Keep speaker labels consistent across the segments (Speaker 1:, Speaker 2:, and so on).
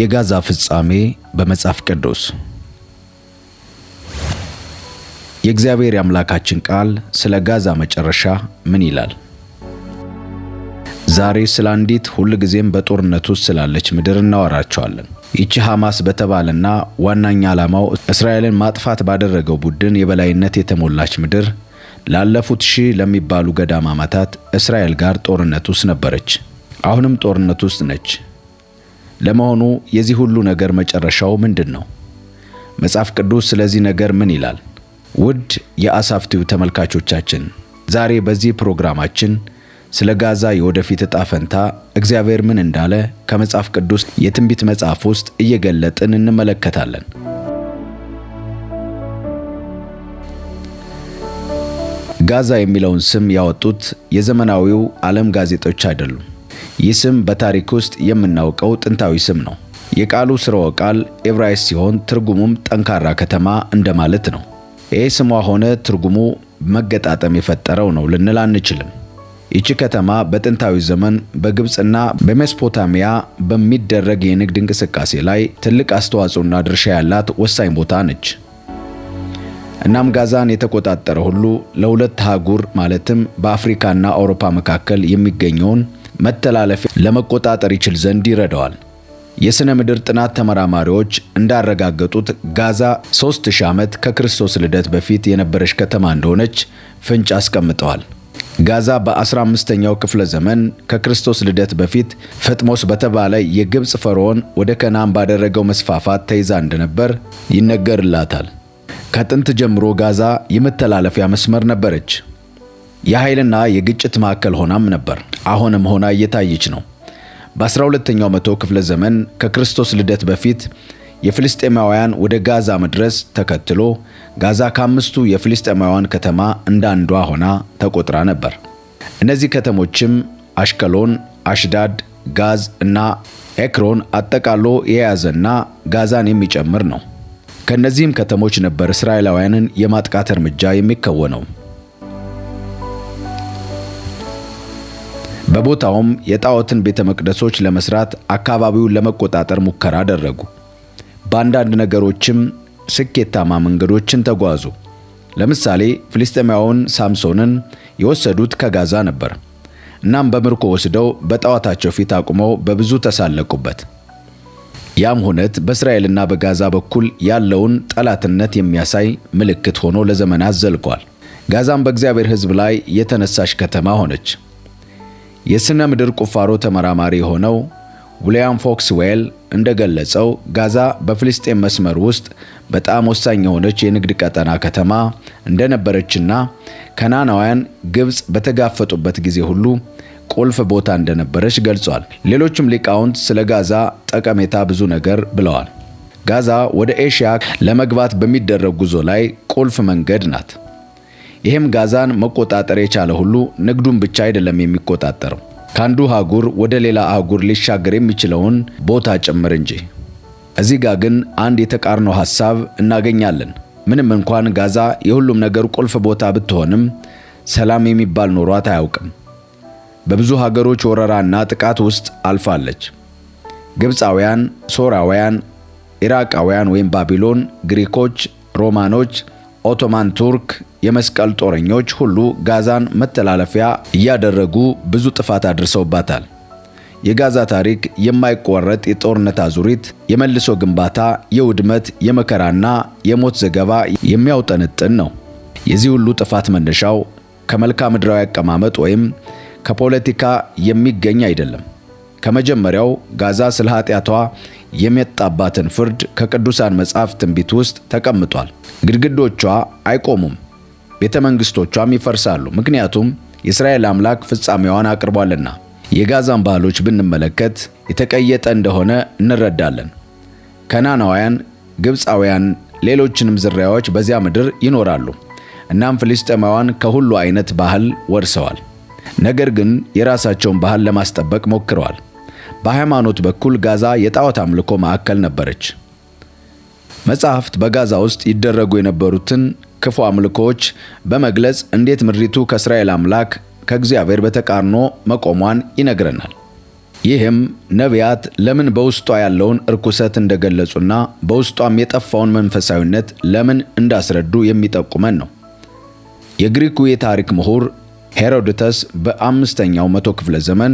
Speaker 1: የጋዛ ፍጻሜ በመጽሐፍ ቅዱስ የእግዚአብሔር የአምላካችን ቃል ስለ ጋዛ መጨረሻ ምን ይላል? ዛሬ ስለ አንዲት ሁልጊዜም በጦርነት ውስጥ ስላለች ምድር እናወራቸዋለን። ይቺ ሐማስ በተባለና ዋናኛ ዓላማው እስራኤልን ማጥፋት ባደረገው ቡድን የበላይነት የተሞላች ምድር ላለፉት ሺህ ለሚባሉ ገዳማማታት ዓመታት እስራኤል ጋር ጦርነት ውስጥ ነበረች። አሁንም ጦርነት ውስጥ ነች። ለመሆኑ የዚህ ሁሉ ነገር መጨረሻው ምንድን ነው? መጽሐፍ ቅዱስ ስለዚህ ነገር ምን ይላል? ውድ የአሳፍቲው ተመልካቾቻችን ዛሬ በዚህ ፕሮግራማችን ስለ ጋዛ የወደፊት እጣ ፈንታ እግዚአብሔር ምን እንዳለ ከመጽሐፍ ቅዱስ የትንቢት መጽሐፍ ውስጥ እየገለጥን እንመለከታለን። ጋዛ የሚለውን ስም ያወጡት የዘመናዊው ዓለም ጋዜጦች አይደሉም። ይህ ስም በታሪክ ውስጥ የምናውቀው ጥንታዊ ስም ነው። የቃሉ ስርወ ቃል ኤብራይስ ሲሆን ትርጉሙም ጠንካራ ከተማ እንደማለት ነው። ይህ ስሟ ሆነ ትርጉሙ መገጣጠም የፈጠረው ነው ልንል አንችልም። ይቺ ከተማ በጥንታዊ ዘመን በግብፅና በመስፖታሚያ በሚደረግ የንግድ እንቅስቃሴ ላይ ትልቅ አስተዋጽኦና ድርሻ ያላት ወሳኝ ቦታ ነች። እናም ጋዛን የተቆጣጠረ ሁሉ ለሁለት አህጉር ማለትም በአፍሪካና አውሮፓ መካከል የሚገኘውን መተላለፊያ ለመቆጣጠር ይችል ዘንድ ይረዳዋል። የሥነ ምድር ጥናት ተመራማሪዎች እንዳረጋገጡት ጋዛ 3000 ዓመት ከክርስቶስ ልደት በፊት የነበረች ከተማ እንደሆነች ፍንጭ አስቀምጠዋል። ጋዛ በ15ኛው ክፍለ ዘመን ከክርስቶስ ልደት በፊት ፈጥሞስ በተባለ የግብፅ ፈርዖን ወደ ከናን ባደረገው መስፋፋት ተይዛ እንደነበር ይነገርላታል። ከጥንት ጀምሮ ጋዛ የመተላለፊያ መስመር ነበረች። የኃይልና የግጭት ማዕከል ሆናም ነበር። አሁንም ሆና እየታየች ነው። በ12ኛው መቶ ክፍለ ዘመን ከክርስቶስ ልደት በፊት የፍልስጤማውያን ወደ ጋዛ መድረስ ተከትሎ ጋዛ ከአምስቱ የፍልስጤማውያን ከተማ እንደ አንዷ ሆና ተቆጥራ ነበር። እነዚህ ከተሞችም አሽከሎን፣ አሽዳድ፣ ጋዝ እና ኤክሮን አጠቃሎ የያዘና ጋዛን የሚጨምር ነው። ከእነዚህም ከተሞች ነበር እስራኤላውያንን የማጥቃት እርምጃ የሚከወነው። በቦታውም የጣዖትን ቤተ መቅደሶች ለመስራት አካባቢውን ለመቆጣጠር ሙከራ አደረጉ። በአንዳንድ ነገሮችም ስኬታማ መንገዶችን ተጓዙ። ለምሳሌ ፍልስጤማዊውን ሳምሶንን የወሰዱት ከጋዛ ነበር። እናም በምርኮ ወስደው በጣዖታቸው ፊት አቁመው በብዙ ተሳለቁበት። ያም ሁነት በእስራኤልና በጋዛ በኩል ያለውን ጠላትነት የሚያሳይ ምልክት ሆኖ ለዘመናት ዘልቋል። ጋዛም በእግዚአብሔር ሕዝብ ላይ የተነሳሽ ከተማ ሆነች። የሥነ ምድር ቁፋሮ ተመራማሪ የሆነው ዊልያም ፎክስዌል እንደገለጸው ጋዛ በፍልስጤም መስመር ውስጥ በጣም ወሳኝ የሆነች የንግድ ቀጠና ከተማ እንደነበረችና ከናናውያን ግብፅ በተጋፈጡበት ጊዜ ሁሉ ቁልፍ ቦታ እንደነበረች ገልጿል። ሌሎችም ሊቃውንት ስለ ጋዛ ጠቀሜታ ብዙ ነገር ብለዋል። ጋዛ ወደ ኤሽያ ለመግባት በሚደረግ ጉዞ ላይ ቁልፍ መንገድ ናት። ይህም ጋዛን መቆጣጠር የቻለ ሁሉ ንግዱን ብቻ አይደለም የሚቆጣጠረው ከአንዱ አህጉር ወደ ሌላ አህጉር ሊሻገር የሚችለውን ቦታ ጭምር እንጂ። እዚህ ጋር ግን አንድ የተቃርኖ ሐሳብ እናገኛለን። ምንም እንኳን ጋዛ የሁሉም ነገር ቁልፍ ቦታ ብትሆንም ሰላም የሚባል ኖሯት አያውቅም። በብዙ ሀገሮች ወረራና ጥቃት ውስጥ አልፋለች። ግብፃውያን፣ ሶራውያን፣ ኢራቃውያን ወይም ባቢሎን፣ ግሪኮች፣ ሮማኖች ኦቶማን ቱርክ የመስቀል ጦረኞች ሁሉ ጋዛን መተላለፊያ እያደረጉ ብዙ ጥፋት አድርሰውባታል። የጋዛ ታሪክ የማይቋረጥ የጦርነት አዙሪት፣ የመልሶ ግንባታ፣ የውድመት፣ የመከራና የሞት ዘገባ የሚያውጠነጥን ነው። የዚህ ሁሉ ጥፋት መነሻው ከመልክዓ ምድራዊ አቀማመጥ ወይም ከፖለቲካ የሚገኝ አይደለም። ከመጀመሪያው ጋዛ ስለ ኃጢአቷ የሚጣባትን ፍርድ ከቅዱሳን መጽሐፍ ትንቢት ውስጥ ተቀምጧል። ግድግዶቿ አይቆሙም፣ ቤተ መንግሥቶቿም ይፈርሳሉ፣ ምክንያቱም የእስራኤል አምላክ ፍጻሜዋን አቅርቧልና። የጋዛን ባህሎች ብንመለከት የተቀየጠ እንደሆነ እንረዳለን። ከናናውያን፣ ግብፃውያን፣ ሌሎችንም ዝርያዎች በዚያ ምድር ይኖራሉ። እናም ፍልስጤማውያን ከሁሉ አይነት ባህል ወርሰዋል። ነገር ግን የራሳቸውን ባህል ለማስጠበቅ ሞክረዋል። በሃይማኖት በኩል ጋዛ የጣዖት አምልኮ ማዕከል ነበረች። መጻሕፍት በጋዛ ውስጥ ይደረጉ የነበሩትን ክፉ አምልኮዎች በመግለጽ እንዴት ምድሪቱ ከእስራኤል አምላክ ከእግዚአብሔር በተቃርኖ መቆሟን ይነግረናል። ይህም ነቢያት ለምን በውስጧ ያለውን እርኩሰት እንደገለጹና በውስጧም የጠፋውን መንፈሳዊነት ለምን እንዳስረዱ የሚጠቁመን ነው። የግሪኩ የታሪክ ምሁር ሄሮድተስ በአምስተኛው መቶ ክፍለ ዘመን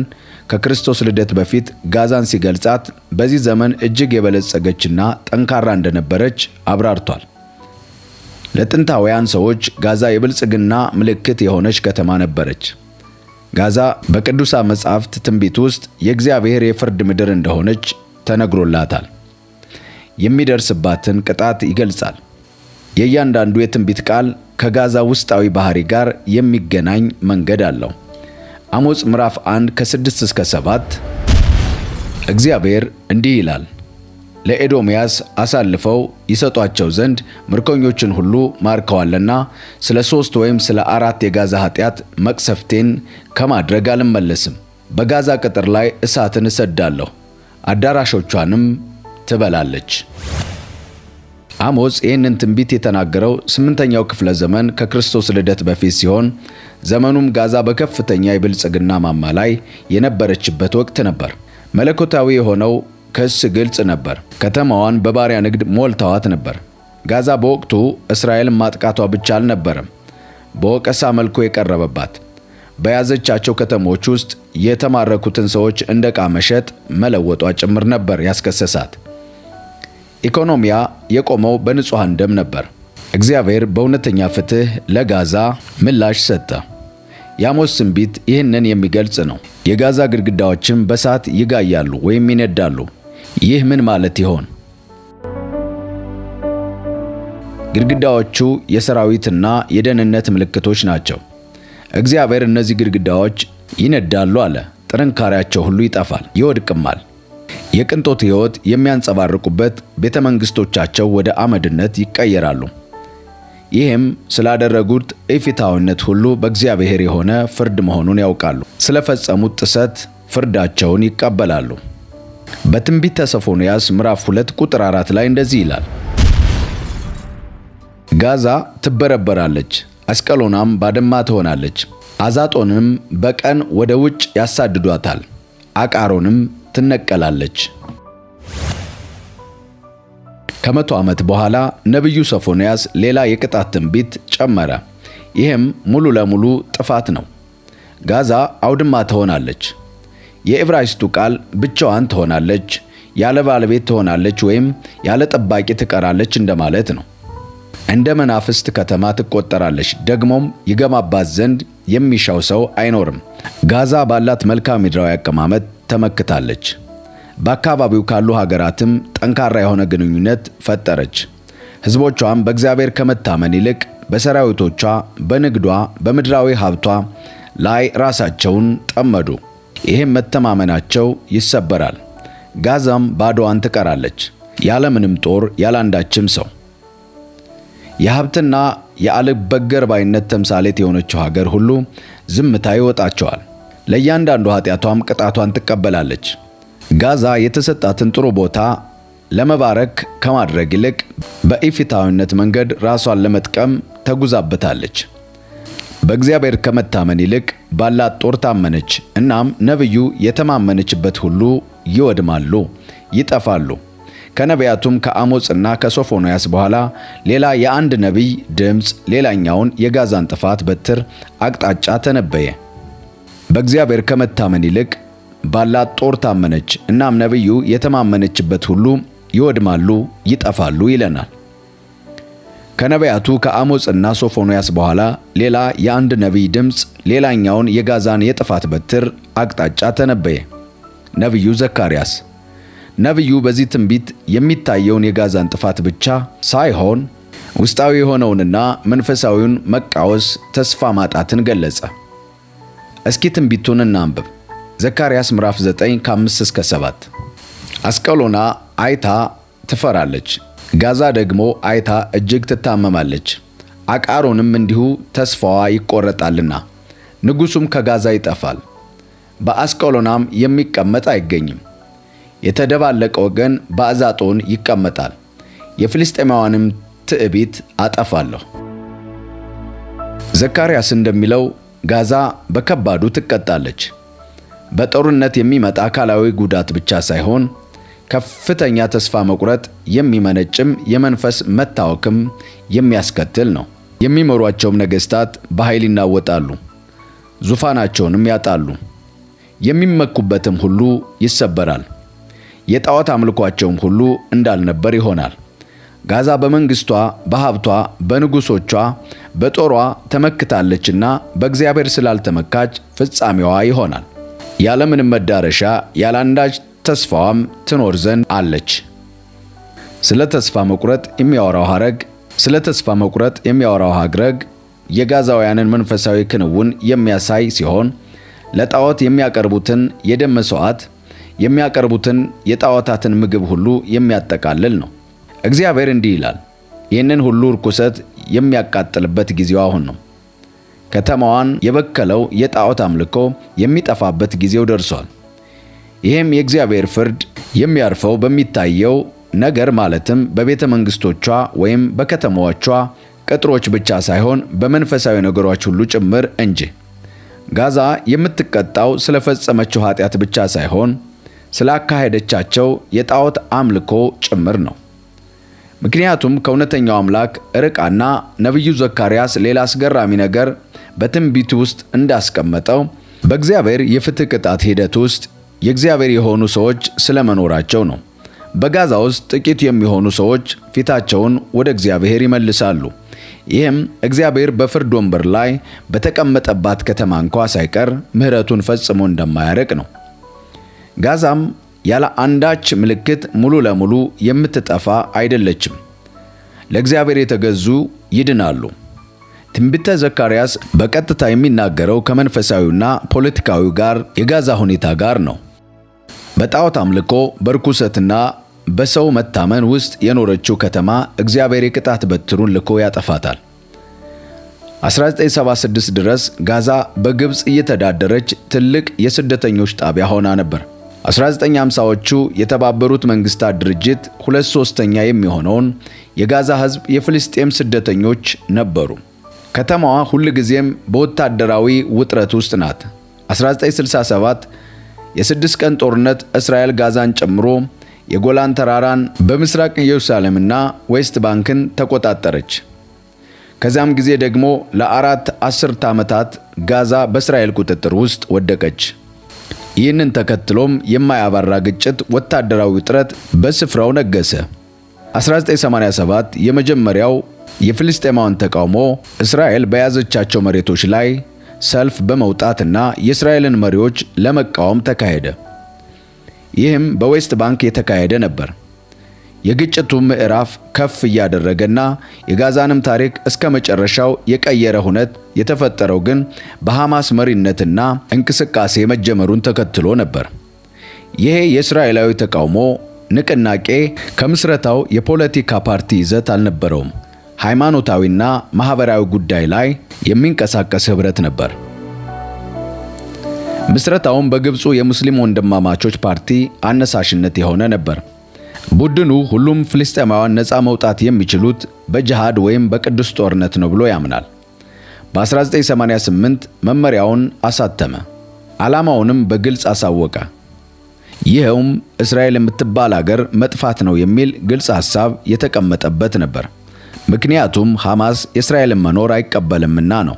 Speaker 1: ከክርስቶስ ልደት በፊት ጋዛን ሲገልጻት በዚህ ዘመን እጅግ የበለጸገችና ጠንካራ እንደነበረች አብራርቷል። ለጥንታውያን ሰዎች ጋዛ የብልጽግና ምልክት የሆነች ከተማ ነበረች። ጋዛ በቅዱሳ መጻሕፍት ትንቢት ውስጥ የእግዚአብሔር የፍርድ ምድር እንደሆነች ተነግሮላታል። የሚደርስባትን ቅጣት ይገልጻል። የእያንዳንዱ የትንቢት ቃል ከጋዛ ውስጣዊ ባህሪ ጋር የሚገናኝ መንገድ አለው። አሞጽ ምዕራፍ 1 ከ6 እስከ 7 እግዚአብሔር እንዲህ ይላል ለኤዶምያስ አሳልፈው ይሰጧቸው ዘንድ ምርኮኞችን ሁሉ ማርከዋልና ስለ ሦስት ወይም ስለ አራት የጋዛ ኃጢአት መቅሰፍቴን ከማድረግ አልመለስም። በጋዛ ቅጥር ላይ እሳትን እሰዳለሁ፣ አዳራሾቿንም ትበላለች። አሞጽ ይህንን ትንቢት የተናገረው ስምንተኛው ክፍለ ዘመን ከክርስቶስ ልደት በፊት ሲሆን ዘመኑም ጋዛ በከፍተኛ የብልጽግና ማማ ላይ የነበረችበት ወቅት ነበር። መለኮታዊ የሆነው ክስ ግልጽ ነበር። ከተማዋን በባሪያ ንግድ ሞልተዋት ነበር። ጋዛ በወቅቱ እስራኤልን ማጥቃቷ ብቻ አልነበረም በወቀሳ መልኩ የቀረበባት በያዘቻቸው ከተሞች ውስጥ የተማረኩትን ሰዎች እንደ ዕቃ መሸጥ መለወጧ ጭምር ነበር ያስከሰሳት። ኢኮኖሚያ የቆመው በንጹሐን ደም ነበር። እግዚአብሔር በእውነተኛ ፍትህ ለጋዛ ምላሽ ሰጠ። የአሞስ ትንቢት ይህንን የሚገልጽ ነው። የጋዛ ግድግዳዎችም በእሳት ይጋያሉ ወይም ይነዳሉ። ይህ ምን ማለት ይሆን? ግድግዳዎቹ የሰራዊትና የደህንነት ምልክቶች ናቸው። እግዚአብሔር እነዚህ ግድግዳዎች ይነዳሉ አለ። ጥንካሬያቸው ሁሉ ይጠፋል፣ ይወድቅማል። የቅንጦት ሕይወት የሚያንጸባርቁበት ቤተ መንግሥቶቻቸው ወደ አመድነት ይቀየራሉ። ይህም ስላደረጉት ኢፍትሐዊነት ሁሉ በእግዚአብሔር የሆነ ፍርድ መሆኑን ያውቃሉ። ስለፈጸሙት ጥሰት ፍርዳቸውን ይቀበላሉ። በትንቢተ ሶፎንያስ ምዕራፍ 2 ቁጥር 4 ላይ እንደዚህ ይላል፣ ጋዛ ትበረበራለች፣ አስቀሎናም ባድማ ትሆናለች። አዛጦንም በቀን ወደ ውጭ ያሳድዷታል፣ አቃሮንም ትነቀላለች። ከመቶ ዓመት በኋላ ነቢዩ ሶፎንያስ ሌላ የቅጣት ትንቢት ጨመረ። ይህም ሙሉ ለሙሉ ጥፋት ነው። ጋዛ አውድማ ትሆናለች። የዕብራይስቱ ቃል ብቻዋን ትሆናለች፣ ያለ ባለቤት ትሆናለች፣ ወይም ያለ ጠባቂ ትቀራለች እንደማለት ነው። እንደ መናፍስት ከተማ ትቆጠራለች። ደግሞም ይገባባት ዘንድ የሚሻው ሰው አይኖርም። ጋዛ ባላት መልክዓ ምድራዊ አቀማመጥ ተመክታለች። በአካባቢው ካሉ ሀገራትም ጠንካራ የሆነ ግንኙነት ፈጠረች። ሕዝቦቿም በእግዚአብሔር ከመታመን ይልቅ በሰራዊቶቿ፣ በንግዷ፣ በምድራዊ ሀብቷ ላይ ራሳቸውን ጠመዱ። ይህም መተማመናቸው ይሰበራል። ጋዛም ባዶዋን ትቀራለች፣ ያለምንም ጦር፣ ያላንዳችም ሰው። የሀብትና የአልበገር ባይነት ተምሳሌት የሆነችው ሀገር ሁሉ ዝምታ ይወጣቸዋል። ለእያንዳንዱ ኃጢአቷም ቅጣቷን ትቀበላለች። ጋዛ የተሰጣትን ጥሩ ቦታ ለመባረክ ከማድረግ ይልቅ በኢፍትሐዊነት መንገድ ራሷን ለመጥቀም ተጉዛበታለች። በእግዚአብሔር ከመታመን ይልቅ ባላት ጦር ታመነች። እናም ነቢዩ የተማመነችበት ሁሉ ይወድማሉ፣ ይጠፋሉ። ከነቢያቱም ከአሞጽና ከሶፎንያስ በኋላ ሌላ የአንድ ነቢይ ድምፅ ሌላኛውን የጋዛን ጥፋት በትር አቅጣጫ ተነበየ። በእግዚአብሔር ከመታመን ይልቅ ባላት ጦር ታመነች። እናም ነቢዩ የተማመነችበት ሁሉ ይወድማሉ፣ ይጠፋሉ ይለናል። ከነቢያቱ ከአሞጽና ሶፎንያስ በኋላ ሌላ የአንድ ነቢይ ድምፅ ሌላኛውን የጋዛን የጥፋት በትር አቅጣጫ ተነበየ። ነቢዩ ዘካርያስ ነቢዩ በዚህ ትንቢት የሚታየውን የጋዛን ጥፋት ብቻ ሳይሆን ውስጣዊ የሆነውንና መንፈሳዊውን መቃወስ፣ ተስፋ ማጣትን ገለጸ። እስኪ ትንቢቱን እናንብብ። ዘካርያስ ምዕራፍ 9 ከ5 እስከ 7 አስቀሎና አይታ ትፈራለች፣ ጋዛ ደግሞ አይታ እጅግ ትታመማለች፣ አቃሮንም እንዲሁ ተስፋዋ ይቆረጣልና ንጉሡም ከጋዛ ይጠፋል፣ በአስቀሎናም የሚቀመጥ አይገኝም። የተደባለቀ ወገን በአዛጦን ይቀመጣል፣ የፍልስጤማውያንም ትዕቢት አጠፋለሁ። ዘካርያስ እንደሚለው ጋዛ በከባዱ ትቀጣለች። በጦርነት የሚመጣ አካላዊ ጉዳት ብቻ ሳይሆን ከፍተኛ ተስፋ መቁረጥ የሚመነጭም የመንፈስ መታወክም የሚያስከትል ነው። የሚመሯቸውም ነገሥታት በኃይል ይናወጣሉ፣ ዙፋናቸውንም ያጣሉ፣ የሚመኩበትም ሁሉ ይሰበራል። የጣዖት አምልኳቸውም ሁሉ እንዳልነበር ይሆናል። ጋዛ በመንግስቷ፣ በሀብቷ፣ በንጉሶቿ፣ በጦሯ ተመክታለችና በእግዚአብሔር ስላልተመካች ፍጻሜዋ ይሆናል። ያለምንም መዳረሻ ያለአንዳች ተስፋዋም ትኖር ዘንድ አለች። ስለ ተስፋ መቁረጥ የሚያወራው ሀረግ ስለ ተስፋ መቁረጥ የሚያወራው ሐረግ የጋዛውያንን መንፈሳዊ ክንውን የሚያሳይ ሲሆን ለጣዖት የሚያቀርቡትን የደም መስዋዕት የሚያቀርቡትን የጣዖታትን ምግብ ሁሉ የሚያጠቃልል ነው። እግዚአብሔር እንዲህ ይላል፣ ይህንን ሁሉ ርኩሰት የሚያቃጥልበት ጊዜው አሁን ነው። ከተማዋን የበከለው የጣዖት አምልኮ የሚጠፋበት ጊዜው ደርሷል። ይህም የእግዚአብሔር ፍርድ የሚያርፈው በሚታየው ነገር ማለትም በቤተ መንግሥቶቿ ወይም በከተማዎቿ ቅጥሮች ብቻ ሳይሆን በመንፈሳዊ ነገሮች ሁሉ ጭምር እንጂ ጋዛ የምትቀጣው ስለፈጸመችው ኃጢአት ብቻ ሳይሆን ስላካሄደቻቸው የጣዖት አምልኮ ጭምር ነው። ምክንያቱም ከእውነተኛው አምላክ ርቃና ነቢዩ ዘካርያስ ሌላ አስገራሚ ነገር በትንቢት ውስጥ እንዳስቀመጠው በእግዚአብሔር የፍትህ ቅጣት ሂደት ውስጥ የእግዚአብሔር የሆኑ ሰዎች ስለመኖራቸው ነው። በጋዛ ውስጥ ጥቂት የሚሆኑ ሰዎች ፊታቸውን ወደ እግዚአብሔር ይመልሳሉ። ይህም እግዚአብሔር በፍርድ ወንበር ላይ በተቀመጠባት ከተማ እንኳ ሳይቀር ምሕረቱን ፈጽሞ እንደማያርቅ ነው። ጋዛም ያለ አንዳች ምልክት ሙሉ ለሙሉ የምትጠፋ አይደለችም። ለእግዚአብሔር የተገዙ ይድናሉ። ትንቢተ ዘካርያስ በቀጥታ የሚናገረው ከመንፈሳዊና ፖለቲካዊ ጋር የጋዛ ሁኔታ ጋር ነው። በጣዖት አምልኮ በርኩሰትና በሰው መታመን ውስጥ የኖረችው ከተማ እግዚአብሔር የቅጣት በትሩን ልኮ ያጠፋታል። 1976 ድረስ ጋዛ በግብፅ እየተዳደረች ትልቅ የስደተኞች ጣቢያ ሆና ነበር። 1950ዎቹ የተባበሩት መንግስታት ድርጅት ሁለት ሶስተኛ የሚሆነውን የጋዛ ህዝብ የፍልስጤም ስደተኞች ነበሩ። ከተማዋ ሁልጊዜም በወታደራዊ ውጥረት ውስጥ ናት። 1967 የስድስት ቀን ጦርነት እስራኤል ጋዛን ጨምሮ የጎላን ተራራን በምስራቅ ኢየሩሳሌምና ዌስት ባንክን ተቆጣጠረች። ከዚያም ጊዜ ደግሞ ለአራት አስርተ ዓመታት ጋዛ በእስራኤል ቁጥጥር ውስጥ ወደቀች። ይህንን ተከትሎም የማያባራ ግጭት፣ ወታደራዊ ውጥረት በስፍራው ነገሰ። 1987 የመጀመሪያው የፍልስጤማውያን ተቃውሞ እስራኤል በያዘቻቸው መሬቶች ላይ ሰልፍ በመውጣትና የእስራኤልን መሪዎች ለመቃወም ተካሄደ። ይህም በዌስት ባንክ የተካሄደ ነበር። የግጭቱ ምዕራፍ ከፍ እያደረገና የጋዛንም ታሪክ እስከ መጨረሻው የቀየረ ሁነት የተፈጠረው ግን በሐማስ መሪነትና እንቅስቃሴ መጀመሩን ተከትሎ ነበር። ይሄ የእስራኤላዊ ተቃውሞ ንቅናቄ ከምስረታው የፖለቲካ ፓርቲ ይዘት አልነበረውም። ሃይማኖታዊና ማህበራዊ ጉዳይ ላይ የሚንቀሳቀስ ህብረት ነበር። ምስረታውም በግብፁ የሙስሊም ወንድማማቾች ፓርቲ አነሳሽነት የሆነ ነበር። ቡድኑ ሁሉም ፍልስጤማውያን ነፃ መውጣት የሚችሉት በጅሃድ ወይም በቅዱስ ጦርነት ነው ብሎ ያምናል። በ1988 መመሪያውን አሳተመ፣ ዓላማውንም በግልጽ አሳወቀ። ይኸውም እስራኤል የምትባል አገር መጥፋት ነው የሚል ግልጽ ሐሳብ የተቀመጠበት ነበር። ምክንያቱም ሐማስ የእስራኤልን መኖር አይቀበልምና ነው።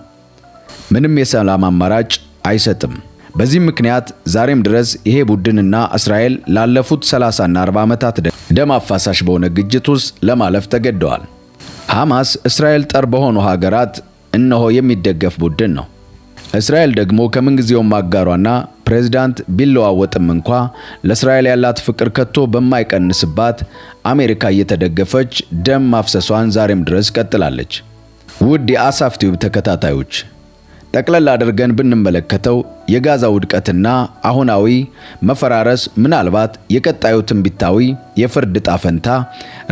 Speaker 1: ምንም የሰላም አማራጭ አይሰጥም። በዚህም ምክንያት ዛሬም ድረስ ይሄ ቡድንና እስራኤል ላለፉት 30ና 40 ዓመታት ደም አፋሳሽ በሆነ ግጭት ውስጥ ለማለፍ ተገደዋል። ሐማስ እስራኤል ጠር በሆኑ ሀገራት እነሆ የሚደገፍ ቡድን ነው። እስራኤል ደግሞ ከምንጊዜውም አጋሯና ፕሬዝዳንት ቢለዋወጥም እንኳ ለእስራኤል ያላት ፍቅር ከቶ በማይቀንስባት አሜሪካ እየተደገፈች ደም ማፍሰሷን ዛሬም ድረስ ቀጥላለች። ውድ የአሳፍ ቲዩብ ተከታታዮች ጠቅለል አድርገን ብንመለከተው የጋዛ ውድቀትና አሁናዊ መፈራረስ ምናልባት የቀጣዩ ትንቢታዊ የፍርድ ጣፈንታ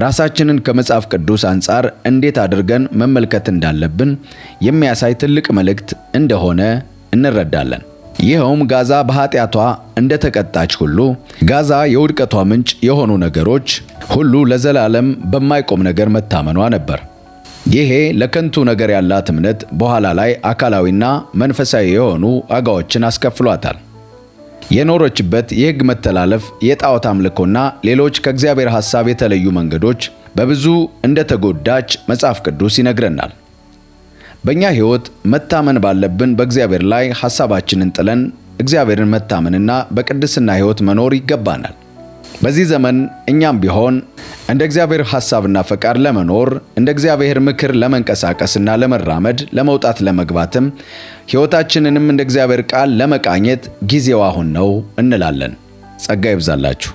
Speaker 1: ራሳችንን ከመጽሐፍ ቅዱስ አንጻር እንዴት አድርገን መመልከት እንዳለብን የሚያሳይ ትልቅ መልእክት እንደሆነ እንረዳለን። ይኸውም ጋዛ በኃጢአቷ እንደተቀጣች ሁሉ ጋዛ የውድቀቷ ምንጭ የሆኑ ነገሮች ሁሉ ለዘላለም በማይቆም ነገር መታመኗ ነበር። ይሄ ለከንቱ ነገር ያላት እምነት በኋላ ላይ አካላዊና መንፈሳዊ የሆኑ ዋጋዎችን አስከፍሏታል። የኖረችበት የሕግ መተላለፍ፣ የጣዖት አምልኮና ሌሎች ከእግዚአብሔር ሐሳብ የተለዩ መንገዶች በብዙ እንደተጎዳች መጽሐፍ ቅዱስ ይነግረናል። በእኛ ሕይወት መታመን ባለብን በእግዚአብሔር ላይ ሐሳባችንን ጥለን እግዚአብሔርን መታመንና በቅድስና ሕይወት መኖር ይገባናል። በዚህ ዘመን እኛም ቢሆን እንደ እግዚአብሔር ሐሳብና ፈቃድ ለመኖር እንደ እግዚአብሔር ምክር ለመንቀሳቀስና ለመራመድ ለመውጣት ለመግባትም ሕይወታችንንም እንደ እግዚአብሔር ቃል ለመቃኘት ጊዜው አሁን ነው እንላለን። ጸጋ ይብዛላችሁ።